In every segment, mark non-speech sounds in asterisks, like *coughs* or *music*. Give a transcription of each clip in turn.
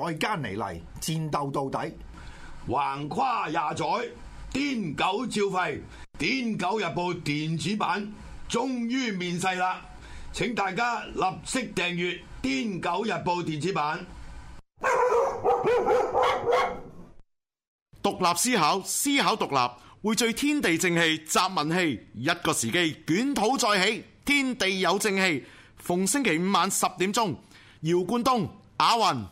再加你嚟，戰鬥到底，橫跨廿載，癲狗照吠。癲狗日報電子版終於面世啦！請大家立即訂閱《癲狗日報》電子版。獨立思考，思考獨立，匯聚天地正氣、集文氣，一個時機，卷土再起，天地有正氣。逢星期五晚十點鐘，姚冠東亞雲。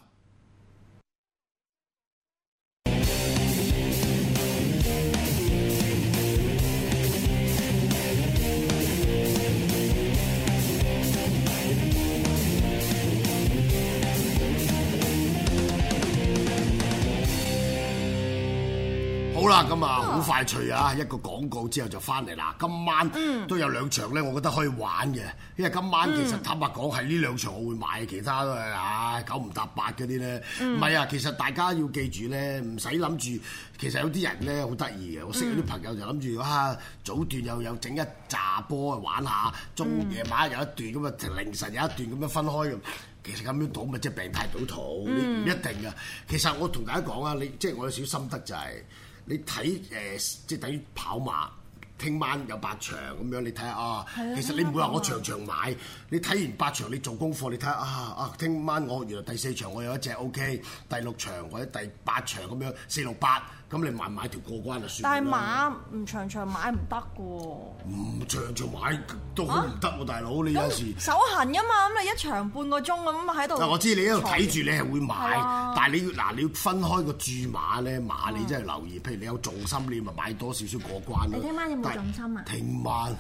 好啦，咁啊，好快脆啊！一個廣告之後就翻嚟啦。今晚都有兩場呢，嗯、我覺得可以玩嘅。因為今晚其實坦白講係呢兩場我會買，其他都係啊九唔搭八嗰啲呢。唔係、嗯、啊，其實大家要記住呢，唔使諗住。其實有啲人呢，好得意嘅，我識嗰啲朋友就諗住啊早段又有整一揸波去玩下，中夜晚有一段咁啊，嗯、凌晨有一段咁樣分開咁。其實咁樣賭咪即係病態賭徒，唔、嗯、一定嘅。其實我同大家講啊，你即係我有少少心得就係、是。你睇誒、呃，即係等於跑馬。聽晚有八場咁樣，你睇下啊。的其實你唔會話我場場買。啊、你睇完八場，你做功課，你睇下啊啊！聽晚我原來第四場我有一隻 OK，第六場或者第八場咁樣四六八。咁你買唔買條過關就算，但係馬唔長長買唔得嘅喎。唔、嗯、長長買都好唔得喎，啊、大佬，你有時手痕啊嘛，咁你一長半個鐘咁喺度。嗱、啊，我知你喺度睇住，你係會買，啊、但係你要嗱、啊，你要分開個注碼咧，馬你真係留意，嗯、譬如你有重心你咪買多少少過關。你聽晚有冇重心啊？聽晚。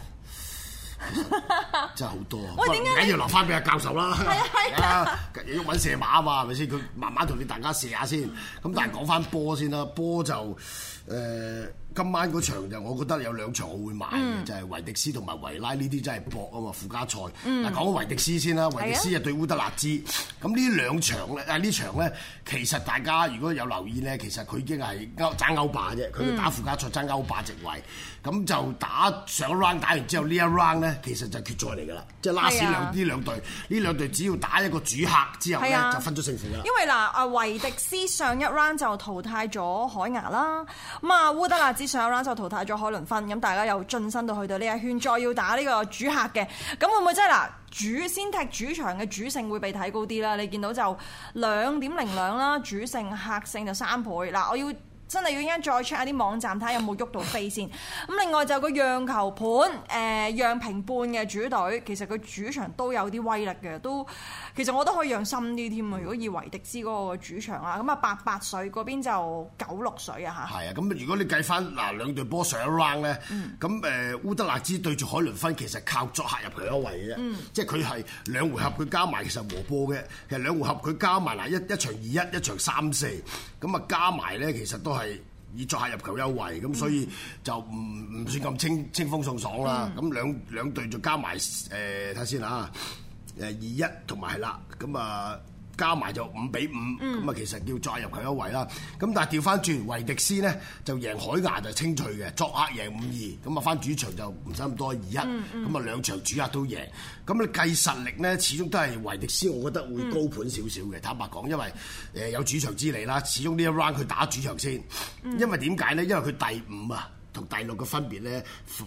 *laughs* 真係好多啊！喂，點解要留翻俾阿教授啦？係啊係啊！ *laughs* 要揾射馬啊嘛，係咪先？佢慢慢同你大家射下先。咁但係講翻波先啦，波就誒。今晚嗰場就，我覺得有兩場我會買就係、是、維迪斯同埋維拉呢啲真係搏啊嘛，附加賽。嗱、嗯、講開維迪斯先啦，維迪斯啊對烏德勒支，咁呢的兩場咧，啊呢場咧，其實大家如果有留意咧，其實佢已經係歐爭歐霸嘅啫，佢打附加賽爭歐霸席位。咁、嗯、就打上一 round 打完之後呢一 round 咧，其實就決賽嚟㗎啦，即係拉屎兩呢兩隊，呢的兩隊只要打一個主客之後咧，的就分咗勝負啦。因為嗱啊維迪斯上一 round 就淘汰咗海牙啦，咁啊烏德勒上 round 就淘汰咗海倫芬，咁大家又晉身到去到呢一圈，再要打呢個主客嘅，咁會唔會真係嗱主先踢主場嘅主勝會被睇高啲啦？你見到就兩點零兩啦，主勝客勝就三倍嗱，我要。真係要依家再 check 下啲網站睇下有冇喐到飛先。咁 *laughs* 另外就個讓球盤，誒讓平半嘅主隊，其實佢主場都有啲威力嘅，都其實我都可以讓深啲添啊。如果以維迪斯嗰個主場啊，咁啊八八水嗰邊就九六水啊嚇。係啊，咁如果你計翻嗱兩隊波上一 round 咧，咁誒、嗯呃、烏德勒支對住海倫芬其實靠作客入去一位嘅啫，嗯、即係佢係兩回合佢加埋其實和波嘅，其實兩回合佢加埋嗱一一，一場二一，一場三四，咁啊加埋咧其實都。都係以作客入球優惠，咁所以就唔唔算咁清清風送爽啦。咁兩兩隊就加埋誒睇下先啦。誒、呃、二一同埋係啦。咁啊。嗯呃加埋就五比五、嗯，咁啊，其實叫再入佢一位啦。咁但係調翻轉，維迪斯呢就贏海牙就清脆嘅，作額贏五二，咁啊翻主場就唔使咁多二一，咁啊、嗯嗯、兩場主額都贏。咁你計實力呢，始終都係維迪斯，我覺得會高盤少少嘅。嗯、坦白講，因為誒有主場之利啦，始終呢一 round 佢打主場先。因為點解呢？因為佢第五啊。同第六嘅分別呢，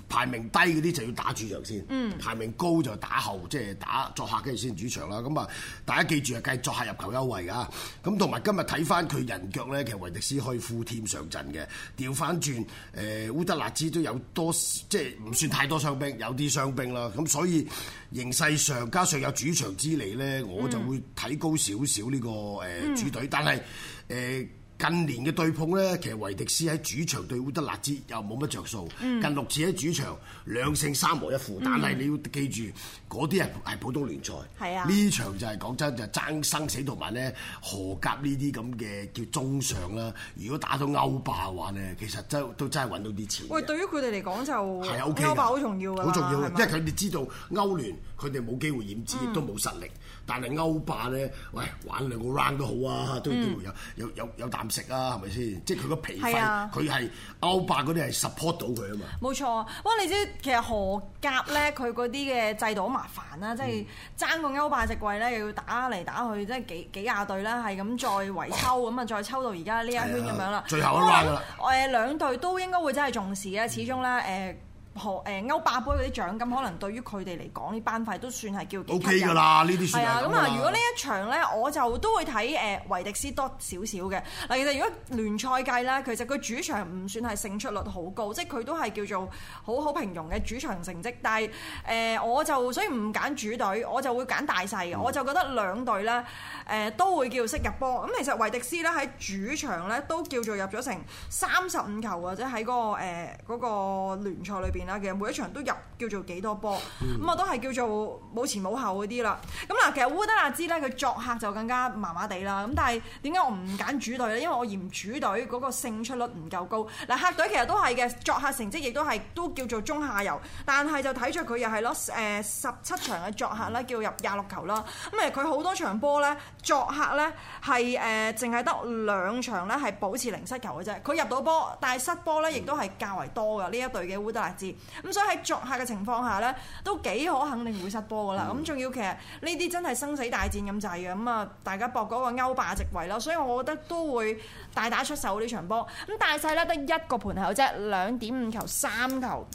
排名低嗰啲就要打主場先，嗯、排名高就打後，即、就、係、是、打作客嘅先主場啦。咁啊，大家記住啊，計作客入球優惠啊！咁同埋今日睇翻佢人腳呢，其實維迪斯可以庫添上陣嘅，調翻轉。誒、呃、烏德勒支都有多，即係唔算太多傷兵，有啲傷兵啦。咁所以形勢上，加上有主場之利呢，我就會睇高少少呢個誒、嗯呃、主隊，但係誒。呃近年嘅對碰呢，其實維迪斯喺主場對烏德勒支又冇乜着數，嗯、近六次喺主場兩勝三和一負，嗯、但係你要記住。嗰啲係係普通聯賽，呢是、啊、場就係、是、講真就是、爭生死同埋咧荷甲呢啲咁嘅叫中上啦。如果打到歐霸嘅話咧，其實真都真係搵到啲錢。喂，對於佢哋嚟講就歐霸好重要嘅，好、啊 OK、重要，嗎因為佢哋知道歐聯佢哋冇機會染指，亦都冇實力。但係歐霸咧，喂玩兩個 round 都好啊，都都有有有有啖食啊，係咪先？即係佢個皮費，佢係是、啊、歐霸嗰啲係 support 到佢啊嘛。冇錯，不過你知其實荷甲咧，佢嗰啲嘅制度。麻煩啦，即係爭個歐霸席位咧，又要打嚟打去，即係幾幾廿隊啦，係咁再圍抽，咁啊唉再抽到而家呢一圈咁唉樣啦，最後一輪噶啦。誒，兩隊都應該會真係重視嘅，始終咧誒。呃學誒歐霸杯嗰啲獎金，可能對於佢哋嚟講，呢班費都算係叫 O K 嘅啦。呢啲係啊，咁啊、嗯，如果呢一場咧，我就都會睇誒維迪斯多少少嘅。嗱，其實如果聯賽界咧，其實佢主場唔算係勝出率好高，即係佢都係叫做好好平庸嘅主場成績。但係誒、呃，我就所以唔揀主隊，我就會揀大細嘅。嗯、我就覺得兩隊咧誒、呃、都會叫識入波。咁其實維迪斯咧喺主場咧都叫做入咗成三十五球或者喺嗰、那個誒嗰、呃那個聯賽裏邊。其實每一場都入叫做幾多波咁，我、嗯、都係叫做冇前冇後嗰啲啦。咁嗱，其實烏德納茲咧，佢作客就更加麻麻地啦。咁但係點解我唔揀主隊咧？因為我嫌主隊嗰個勝出率唔夠高。嗱，客隊其實都係嘅，作客成績亦都係都叫做中下游，但係就睇出佢又係咯誒十七場嘅作客咧，叫入廿六球啦。咁誒，佢好多場波咧作客咧係誒，淨係得兩場咧係保持零失球嘅啫。佢入到波，但係失波咧亦都係較為多嘅呢、嗯、一隊嘅烏德勒茲。咁所以喺作客嘅情況下呢，都幾可肯定會失波噶啦。咁仲、嗯、要其實呢啲真係生死大戰咁滯嘅，咁啊大家搏嗰個歐霸席位咯。所以我覺得都會大打出手呢場波。咁大細咧得一個盤口啫，兩點五球三球。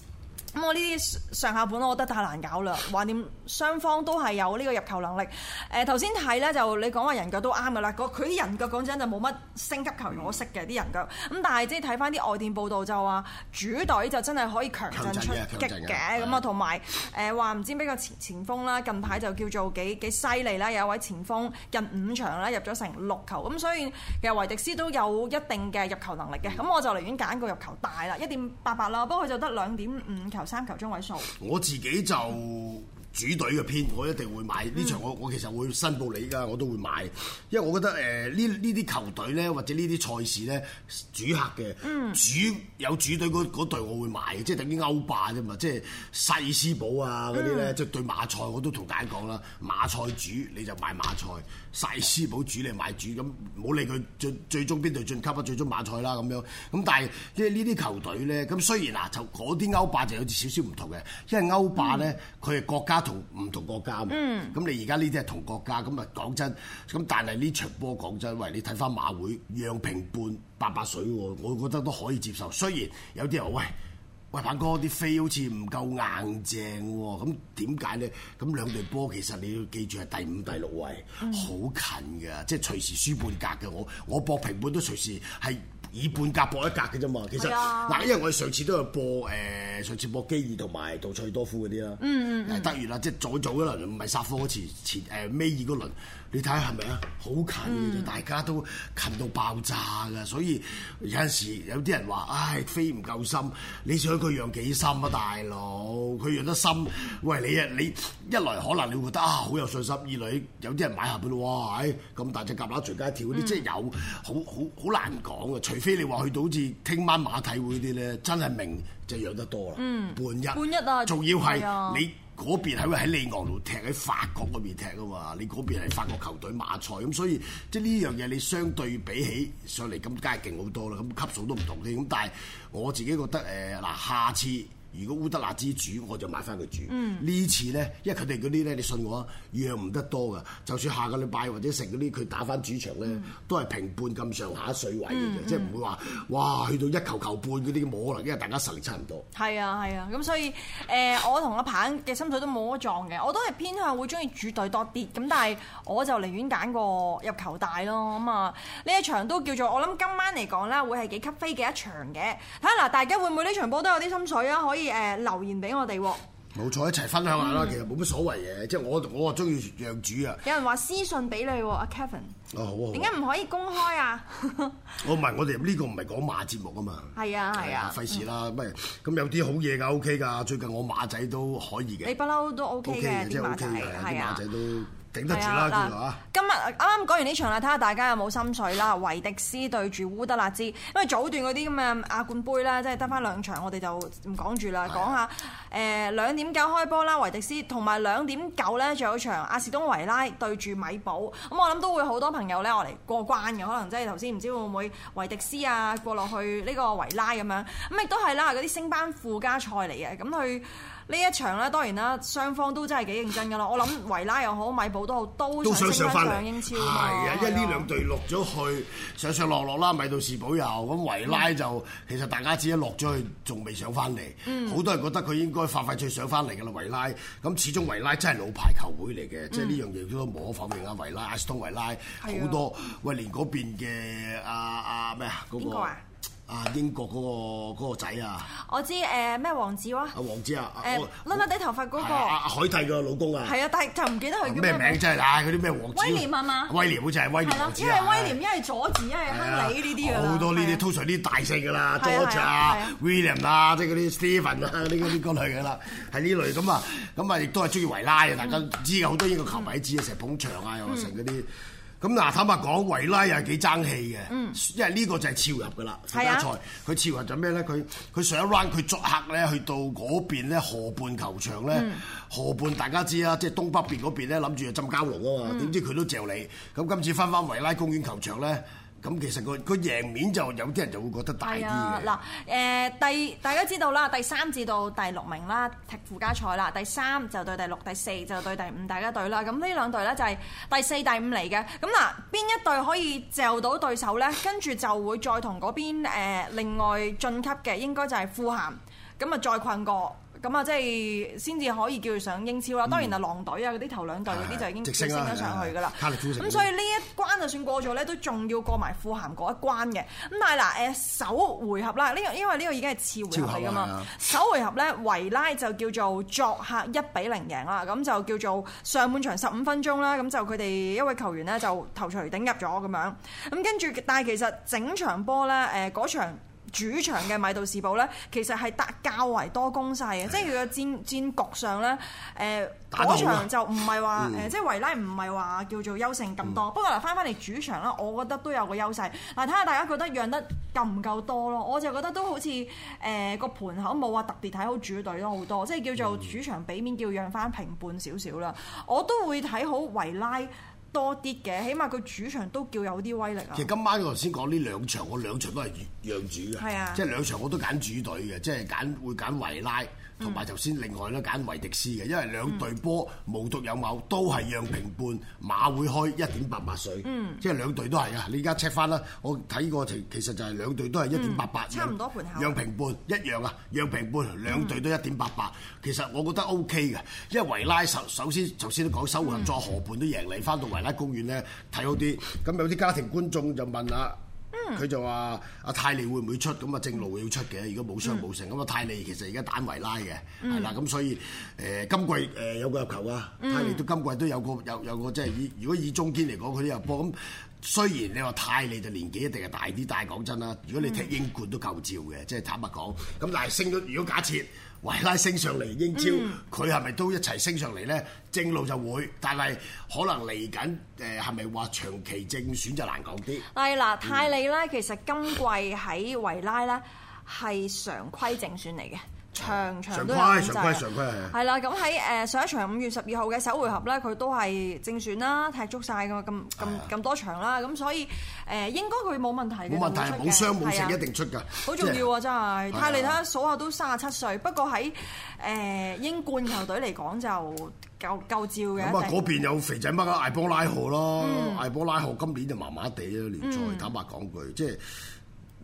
咁、嗯、我呢啲上下盤，我覺得太難搞啦。橫掂，雙方都係有呢個入球能力。誒，頭先睇咧就你講話人腳都啱噶啦，佢啲人腳講真就冇乜星級球員我識嘅啲人腳。咁、嗯、但係即係睇翻啲外電報道就話主隊就真係可以強陣出擊嘅。咁啊，同埋誒，話唔知邊個前前鋒啦，近排就叫做幾、嗯、幾犀利啦，有一位前鋒近五場咧入咗成六球。咁所以其實維迪斯都有一定嘅入球能力嘅。咁、嗯、我就寧願揀個入球大啦，一點八八啦，不過佢就得兩點五球。三球中位數，我自己就。主隊嘅片我一定會買呢、嗯、場我我其實會申報你噶，我都會買，因為我覺得誒呢呢啲球隊咧，或者呢啲賽事咧，主客嘅，嗯、主有主隊嗰嗰隊我會買嘅，即係等於歐霸啫嘛，即係西斯堡啊啲咧，即係、嗯、對馬賽我都同大家講啦，馬賽主你就買馬賽，西斯堡主你買主，咁唔好理佢最最終邊隊晉級啦，最終馬賽啦，咁樣咁，但係即係呢啲球隊咧，咁雖然嗱就嗰啲歐霸就有啲少少唔同嘅，因為歐霸咧佢係國家、嗯。同唔同國家嘛，咁你而家呢啲係同國家，咁啊講真，咁但係呢場波講真，喂，你睇翻馬會讓平半八百水，我覺得都可以接受。雖然有啲人喂，喂，鵬哥啲飛好似唔夠硬正喎、啊，咁點解呢？咁兩隊波其實你要記住係第五、第六位，好、mm. 近嘅，即係隨時輸半格嘅。我我博平半都隨時係。以半格搏一格嘅啫嘛，其實嗱，啊、因為我哋上次都有播誒、呃，上次播基爾同埋杜塞爾多夫嗰啲啦，誒嗯嗯嗯得完啦，即係早早嗰輪唔係殺科嗰次前誒、呃、尾二嗰輪。你睇下係咪啊？好近大家都近到爆炸㗎，所以有陣時有啲人話，唉，飛唔夠深。你想佢養幾深啊，大佬？佢養得深，嗯、喂你啊，你，你一來可能你會覺得啊，好有信心；二來，有啲人買下邊，哇，咁大隻蛤乸隨街跳嗰啲，嗯、即係有好好好難講嘅。除非你話去到好似聽晚馬體會啲咧，真係明就養得多啦。嗯，半日半日啊，仲要係你、啊。嗰邊係會喺利昂度踢喺法國嗰邊踢㗎嘛，你嗰邊係法國球隊馬賽咁，所以即係呢樣嘢你相對比起上嚟咁梗係勁好多啦，咁級數都唔同嘅，咁但係我自己覺得誒嗱、呃、下次。如果烏德拿之主，我就買翻佢煮。嗯、次呢次咧，因為佢哋嗰啲咧，你信我，讓唔得多㗎。就算下個禮拜或者食嗰啲，佢打翻主場咧，嗯、都係平半咁上下水位嘅啫，嗯嗯，即係唔會話哇去到一球球半嗰啲冇可能，因為大家實力差唔多。係啊，係啊，咁所以誒、呃，我同阿鵬嘅心水都冇乜撞嘅，我都係偏向會鍾意主隊多啲。咁但係我就寧願揀個入球大咯咁啊！呢一場都叫做我諗今晚嚟講咧，會係幾級飛嘅一場嘅。睇下嗱，大家會唔會呢場波都有啲心水啊？可以。誒，留言俾我哋，冇錯，一齊分享下啦。嗯、其實冇乜所謂嘅，即係我我啊中意讓主啊。有人話私信俾你，阿 Kevin。哦，好，好。點解唔可以公開啊？我唔係，我哋呢個唔係講馬節目啊嘛。係啊，係啊。費、哎、事啦，咪咁、嗯、有啲好嘢噶，OK 噶。最近我馬仔都可以嘅。你不嬲都 OK 嘅，啲、okay 即係 okay、馬仔係、okay、的啊。馬仔都頂得住啦，係啊！今日啱啱講完呢場啦，睇下大家有冇心水啦。 *laughs* 維迪斯對住烏德勒支，因為早段嗰啲咁嘅亞冠杯啦，即係得翻兩場，我哋就唔講住啦。講下誒兩點九開波啦，維迪斯同埋兩點九咧，仲有場阿士東維拉對住米堡。咁我諗都會好多朋友咧，我嚟過關嘅，可能即係頭先唔知會唔會維迪斯啊過落去呢個維拉咁樣。咁亦都係啦，嗰啲升班附加賽嚟嘅，咁佢。呢一場咧，當然啦，雙方都真係幾認真噶咯。我諗維拉又好，米堡都好，都想升翻上英超。係啊、嗯嗯，因為呢兩隊落咗去上上落落啦，米杜士堡又咁，維拉就其實大家知啦，落咗去仲未上翻嚟。好多人覺得佢應該快快脆上翻嚟㗎啦，維拉。咁始終維拉真係老牌球會嚟嘅，嗯、即係呢樣嘢都冇可否認啊。維拉，阿斯頓維拉好多喂，連嗰、嗯嗯、邊嘅阿阿咩啊嗰、啊那個。啊！英國嗰個嗰個仔啊，我知誒咩王子啊？阿王子啊，誒甩甩地頭髮嗰個，海蒂嘅老公啊，係啊，但係就唔記得佢叫咩名真係啦，嗰啲咩王子威廉啊嘛，威廉好似係威廉，因為威廉因為佐治因為亨利呢啲啊，好多呢啲，通常啲大姓㗎啦，佐治啊、威廉啊，即係嗰啲 Stephen 啊，呢個呢個類㗎啦，係呢類咁啊，咁啊亦都係中意維拉啊，大家知好多英國球迷知啊，成日捧場啊，又成嗰啲。咁嗱，坦白講，維拉又係幾爭氣嘅，嗯、因為呢個就係超入嘅啦。首、嗯、一賽佢超入咗咩咧？佢佢上一 round 佢作客咧，去到嗰邊咧，河畔球場咧，嗯、河畔大家知啦，即係東北邊嗰邊咧，諗住啊浸家榮啊嘛，點、嗯、知佢都嚼你。咁今次返返維拉公園球場咧。咁其實個個贏面就有啲人就會覺得大啲嗱，誒第大家知道啦，第三至到第六名啦，踢附加賽啦。第三就對第六，第四就對第五，大家隊啦。咁呢兩隊呢，就係第四、第五嚟嘅。咁嗱，邊一隊可以就到對手呢？跟住就會再同嗰邊另外晉級嘅，應該就係富咸咁啊，再困過。咁啊，即係先至可以叫佢上英超啦。當然啊，狼隊啊嗰啲頭兩隊嗰啲就已經直升咗上去㗎啦。咁所以呢一關就算過咗咧，都仲要過埋富咸嗰一關嘅。咁但係嗱，誒首回合啦，呢個因為呢個已經係次回合嚟㗎嘛。首、啊、回合咧，維拉就叫做作，作客一比零贏啦。咁就叫做上半場十五分鐘啦。咁就佢哋一位球員呢，就頭槌頂入咗咁樣。咁跟住，但係其實整場波咧誒嗰場。主場嘅米杜士堡呢，其實係得較為多攻勢嘅，的即係佢嘅戰戰局上呢，誒、呃，嗰場就唔係話誒，嗯、即係維拉唔係話叫做優勝咁多。嗯、不過嗱，翻返嚟主場啦，我覺得都有個優勢。嗱，睇下大家覺得讓得夠唔夠多咯。我就覺得都好似誒個盤口冇話特別睇好主隊咯好多，即係叫做主場俾面叫讓翻平半少少啦。我都會睇好維拉，多啲嘅，起碼佢主場都叫有啲威力啊。其實今晚我頭先講呢兩場，我兩場都係讓主嘅，係啊、即係兩場我都揀主隊嘅，即係揀會揀維拉。同埋頭先另外咧揀維迪斯嘅，因為兩隊波無獨有偶，都係讓平半，馬會開一點八八水，嗯、即係兩隊都係啊！你而家 check 翻啦，我睇個其其實就係兩隊都係一點八八，差唔多盤口。讓平半一樣啊，讓平半兩隊都一點八八，其實我覺得 O K 嘅，因為維拉首首先頭先都講首回合再河畔都贏嚟，翻到維拉公園咧睇好啲。咁有啲家庭觀眾就問啊。佢就話：阿泰利會唔會出？咁啊正路會出嘅。如果冇傷冇成，咁啊、嗯、泰利其實而家單維拉嘅，係啦、嗯。咁所以誒今、呃、季誒、呃、有個入球啊！泰利到今季都有個有有個，即係以，如果以中堅嚟講，佢都有波。咁、嗯、雖然你話泰利就年紀一定係大啲，但係講真啦，如果你踢英冠都夠照嘅，即係、嗯、坦白講。咁但係升率，如果假設。維拉升上嚟英超，佢係咪都一齊升上嚟呢？正路就會，但係可能嚟緊誒係咪話長期正選就難講啲。係啦了，嗯，泰利呢其實今季喺維拉呢係常規正選嚟嘅。長長都係咁滯。係啦，咁喺誒上一場五月十二號嘅首回合咧，佢都係正選啦，踢足曬嘅嘛，咁咁咁多場啦，咁所以誒應該佢冇問題。冇問題，冇傷冇病一定出㗎。好重要啊，真係！睇嚟睇下數下都三十七歲，不過喺誒英冠球隊嚟講就夠夠照嘅。咁啊，嗰邊有肥仔乜啊？艾波拉河啦，艾波拉河今年就麻麻地啦，聯賽坦白講句，即係。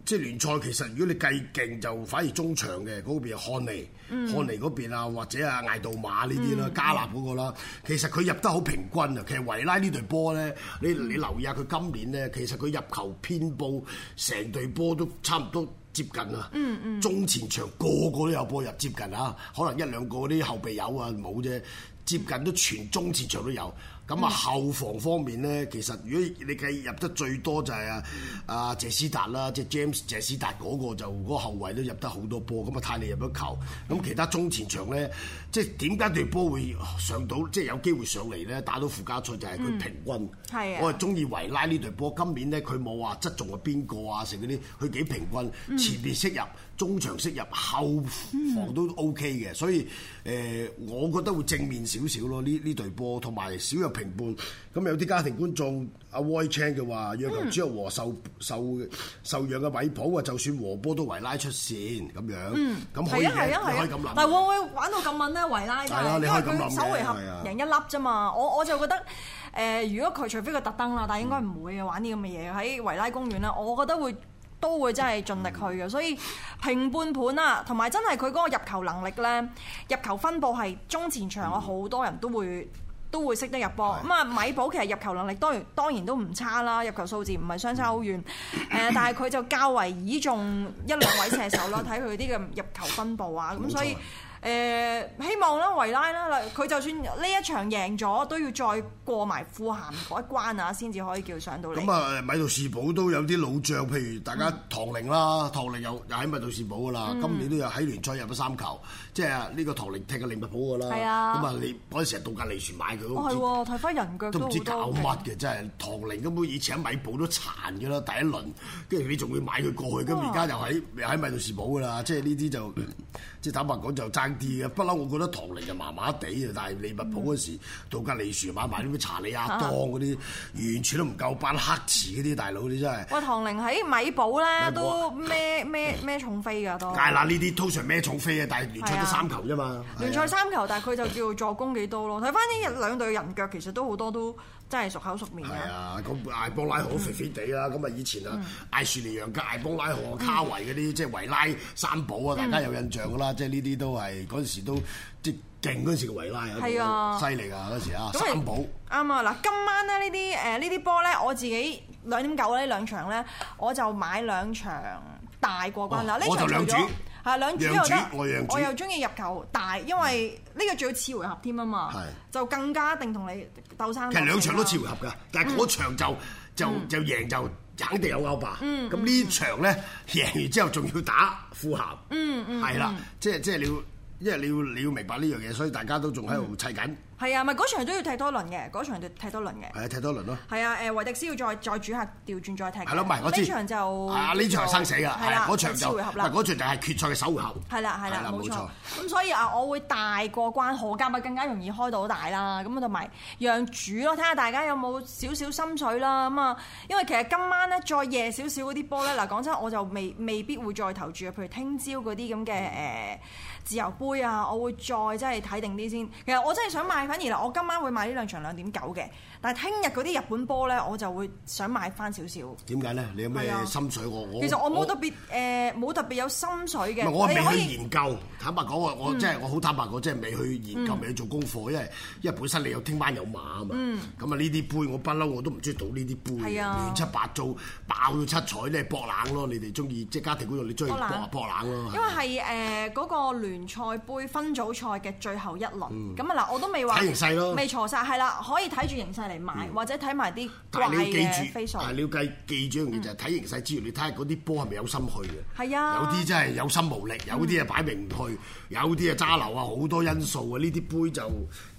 即係聯賽其實如果你計勁，就反而中場嘅嗰邊漢尼漢、嗯、尼嗰邊啊，或者啊艾杜馬呢啲啦，加納嗰、嗰個啦，其實佢入得好平均啊！其實維拉呢隊波咧，你你留意下佢今年咧，其實佢入球遍佈成隊波都差唔多接近啊、嗯！嗯嗯，中前場個個都有波入，接近啊，可能一兩個啲後備友啊冇啫。接近都全中前場都有，咁啊、嗯、後防方面咧，其實如果你計入得最多就係啊、嗯、啊謝斯達啦，即係 James 謝斯達嗰個，就嗰個後衞都入得好多波，咁啊泰利入咗球，咁、嗯、其他中前場咧，即係點解隊波會上到即係有機會上嚟咧？打到附加賽就係佢平均，嗯、我係中意維拉呢隊波。今年咧佢冇話側重係邊個啊？成嗰啲佢幾平均，前面識入。嗯嗯中場適入後防都 O K 嘅，嗯、所以誒、呃，我覺得會正面少少咯。呢呢隊波同埋少入平判，咁有啲家庭觀眾阿 Y Chen 就話：嗯、要求若球只有和受受受讓嘅米堡啊，就算和波都維拉出線咁樣。嗯樣，咁係啊係啊係啊，咁諗、啊。啊啊、但會唔會玩到咁猛咧？維拉、就係，啊、你可以咁樣因為佢首回合贏一粒啫嘛。係啊、我我就覺得誒，如果佢除非佢特登啦，但係應該唔會嘅，玩啲咁嘅嘢喺維拉公園啦。我覺得會。都會真係盡力去嘅，所以平半盤啊，同埋真係佢嗰個入球能力呢，入球分佈係中前場，有好多人都會都會識得入波。咁啊、嗯，米堡、嗯、其實入球能力當然當然都唔差啦，入球數字唔係相差好遠。嗯嗯、但係佢就較為倚重一兩位射手啦，睇佢啲嘅入球分佈啊，咁、冇錯、所以。誒、呃、希望啦，維拉啦，佢就算呢一場贏咗，都要再過埋富咸嗰一關啊，先至可以叫上到嚟。咁啊，米杜士堡都有啲老將，譬如大家唐寧啦，嗯、唐寧又又喺米杜士堡噶啦，嗯、今年都有喺聯賽入咗三球，即係呢個唐寧踢嘅利物浦噶啦。係啊、嗯。咁啊，你嗰陣時係杜格利船買佢，都係睇翻人腳都好多嘅。唔知搞乜嘅真係唐寧，根本以前喺米堡都殘嘅啦，第一輪，跟住你仲要買佢過去，咁而家又喺喺米杜士堡噶啦，即係呢啲就。 *laughs* 即係坦白講就爭啲嘅，不嬲。我覺得唐寧就麻麻地啊，但係利物浦嗰時到吉利樹買埋啲咩查理亞當嗰啲，完全都唔夠班黑池嗰啲大佬你真係。喂，唐寧喺米堡啦，都咩咩咩重飛㗎。都梗係啦，呢啲通常咩重飛啊，但係聯賽都三球啫嘛。聯賽三球，但係佢就叫做助攻幾多咯？睇翻呢兩隊人腳其實都好多都真係熟口熟面嘅。係啊，咁艾布拉荷肥肥地啦，咁啊以前啊艾殊利揚加艾布拉荷卡維嗰啲即係維拉三寶啊，大家有印象㗎啦。即係呢啲都係嗰陣時，都即係勁嗰陣時嘅維拉。係啊，犀利啊嗰陣時啊時三寶，啱啊。嗱今晚咧、呃、呢啲誒呢啲波咧，我自己兩點九呢兩場咧，我就買兩場大過關啦。呢場贏咗嚇兩主我又又中意入球大，因為呢個仲要次回合添啊嘛，的就更加一定同你鬥生。其實兩場都次回合㗎，但係嗰場就就就贏就。嗯嗯嗯嗯肯定有歐霸，咁、嗯嗯、呢場咧贏完之後仲要打複嗯，係、嗯、啦，了即係即係你要， *coughs* 因為你要你要明白呢樣嘢，所以大家都仲喺度砌緊。嗯係啊，咪嗰場都要踢多輪嘅，嗰場要踢多輪嘅。係啊，踢多輪咯。係啊，誒維迪斯要再再主客調轉再踢。係咯，唔係我知。呢場就呢、啊、呢場生死㗎。係啦，嗰場就嗰場就係決賽嘅首回合。係啦，係啦，冇的的錯。咁錯 *laughs* 所以啊，我會大過關，荷甲咪更加容易開到大啦。咁啊，同埋讓主咯，睇下大家有冇少少心水啦咁啊。因為其實今晚咧再夜少少嗰啲波咧，嗱講 *laughs* 真，我就未未必會再投注啊。譬如聽朝嗰啲咁嘅誒。呃自由杯啊，我會再即係睇定啲先。其實我真係想買，反而我今晚會買呢兩場兩點九嘅。但係聽日嗰啲日本波咧，我就會想買翻少少。點解咧？你有咩心水？我我其實我冇特別誒，冇特別有心水嘅。唔係，我係未去研究。坦白講，我真即係我好坦白，我即係未去研究，未去做功課，因為因為本身你有聽晚有馬啊嘛。咁啊，呢啲杯我不嬲，我都唔中意賭呢啲杯，亂七八糟爆到七彩咧，博冷咯。你哋中意即係家庭觀眾，你中意博啊博冷咯。因為係誒嗰個聯聯賽杯分組賽嘅最後一輪，咁啊嗱，我都未話睇形勢咯，未錯晒，係啦，可以睇住形勢嚟買，嗯、或者睇埋啲貴嘅。但係你要記住，係你要記記住一樣嘢就係、是、睇、嗯、形勢之餘，你睇下嗰啲波係咪有心去嘅。係啊，有啲真係有心無力，有啲啊擺明唔去，有啲啊揸流啊，好多因素啊，呢啲杯就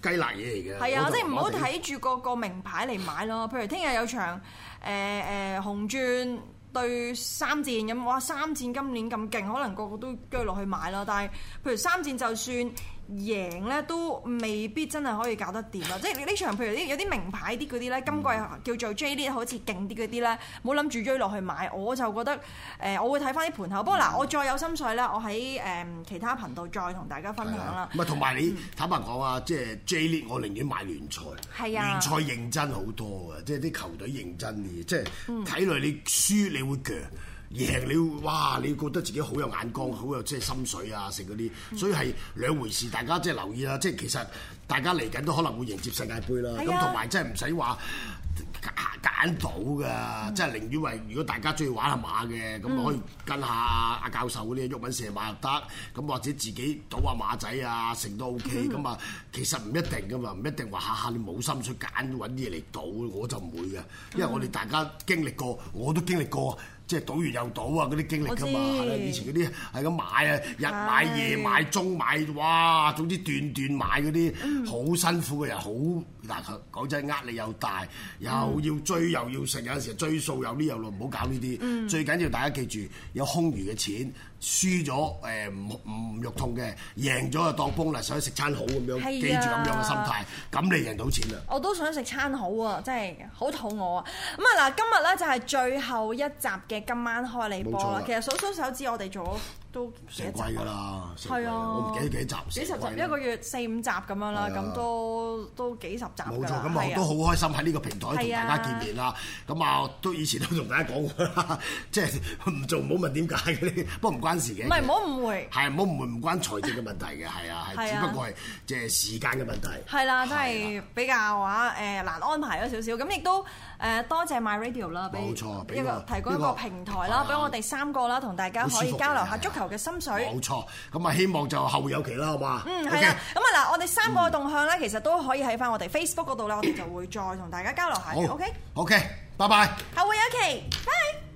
雞肋嘢嚟嘅。係啊，就即係唔好睇住個個名牌嚟買咯。譬如聽日有場誒誒、呃呃、紅鑽。對三箭咁，哇！三箭今年咁勁，可能個個都追落去買啦。但係，譬如三箭就算，贏咧都未必真係可以搞得掂啊！即係呢場，譬如啲有啲名牌啲嗰啲咧，嗯、今季叫做 J League 好似勁啲嗰啲咧，冇諗住追落去買，我就覺得誒、呃，我會睇翻啲盤口。不過嗱，嗯、我再有心水咧，我喺誒、呃、其他頻道再同大家分享啦。唔係、啊，同埋你、嗯、坦白講啊，即係 J League，我寧願買聯賽，聯賽係、啊、認真好多啊，即係啲球隊認真嘅。即係睇嚟你輸，你會強。嗯贏你哇！你覺得自己好有眼光，好有即係心水啊，成嗰啲，嗯、所以係兩回事。大家即係留意啦，即係其實大家嚟緊都可能會迎接世界盃啦。咁同埋即係唔使話揀賭㗎，即係寧願為如果大家中意玩下馬嘅，咁、嗯、可以跟下阿教授嗰啲喐揾射馬又得。咁、嗯、或者自己賭下馬仔啊，成都 O K。咁啊、嗯，其實唔一定㗎嘛，唔一定話下下你冇心水揀揾啲嘢嚟賭。我就唔會嘅，因為我哋大家經歷過，我都經歷過。嗯嗯即係賭完又賭啊！嗰啲經歷㗎嘛，知以前嗰啲係咁買啊，日買是的 夜買，中買，哇！總之段段買嗰啲，好辛苦嘅人，好。嗱，講真，壓力又大，又要追又要食，有陣時追數有呢樣咯，唔好搞呢啲。嗯、最緊要大家記住，有空餘嘅錢，輸咗誒唔唔肉痛嘅，贏咗就當風嚟，想食餐好咁樣，記住咁樣嘅心態，咁的你贏到錢啦。我都想食餐好啊，真係好肚餓啊！咁啊，嗱，今日咧就係最後一集嘅今晚開你波啦。其實數數手指，我哋做，都成季㗎啦，我唔記得幾集先。幾十集一個月四五集咁樣啦，咁都都幾十集。冇錯，咁我都好開心喺呢個平台同大家見面啦。咁啊都以前都同大家講，即係唔做唔好問點解。不過唔關事嘅。唔係，唔好誤會。係唔好誤會，唔關財政嘅問題嘅，係啊，係只不過係即係時間嘅問題。係啦，真係比較話誒難安排咗少少。咁亦都誒多謝 My Radio 啦，俾一個提供一個平台啦，俾我哋三個啦，同大家可以交流下足球嘅心水，冇錯，咁啊希望就後會有期啦，好嘛？嗯，係啦，咁啊嗱，我哋三個嘅動向咧，其實都可以喺翻我哋 Facebook 嗰度咧，我哋就會再同大家交流下。好，OK，OK，拜拜，後會有期，拜。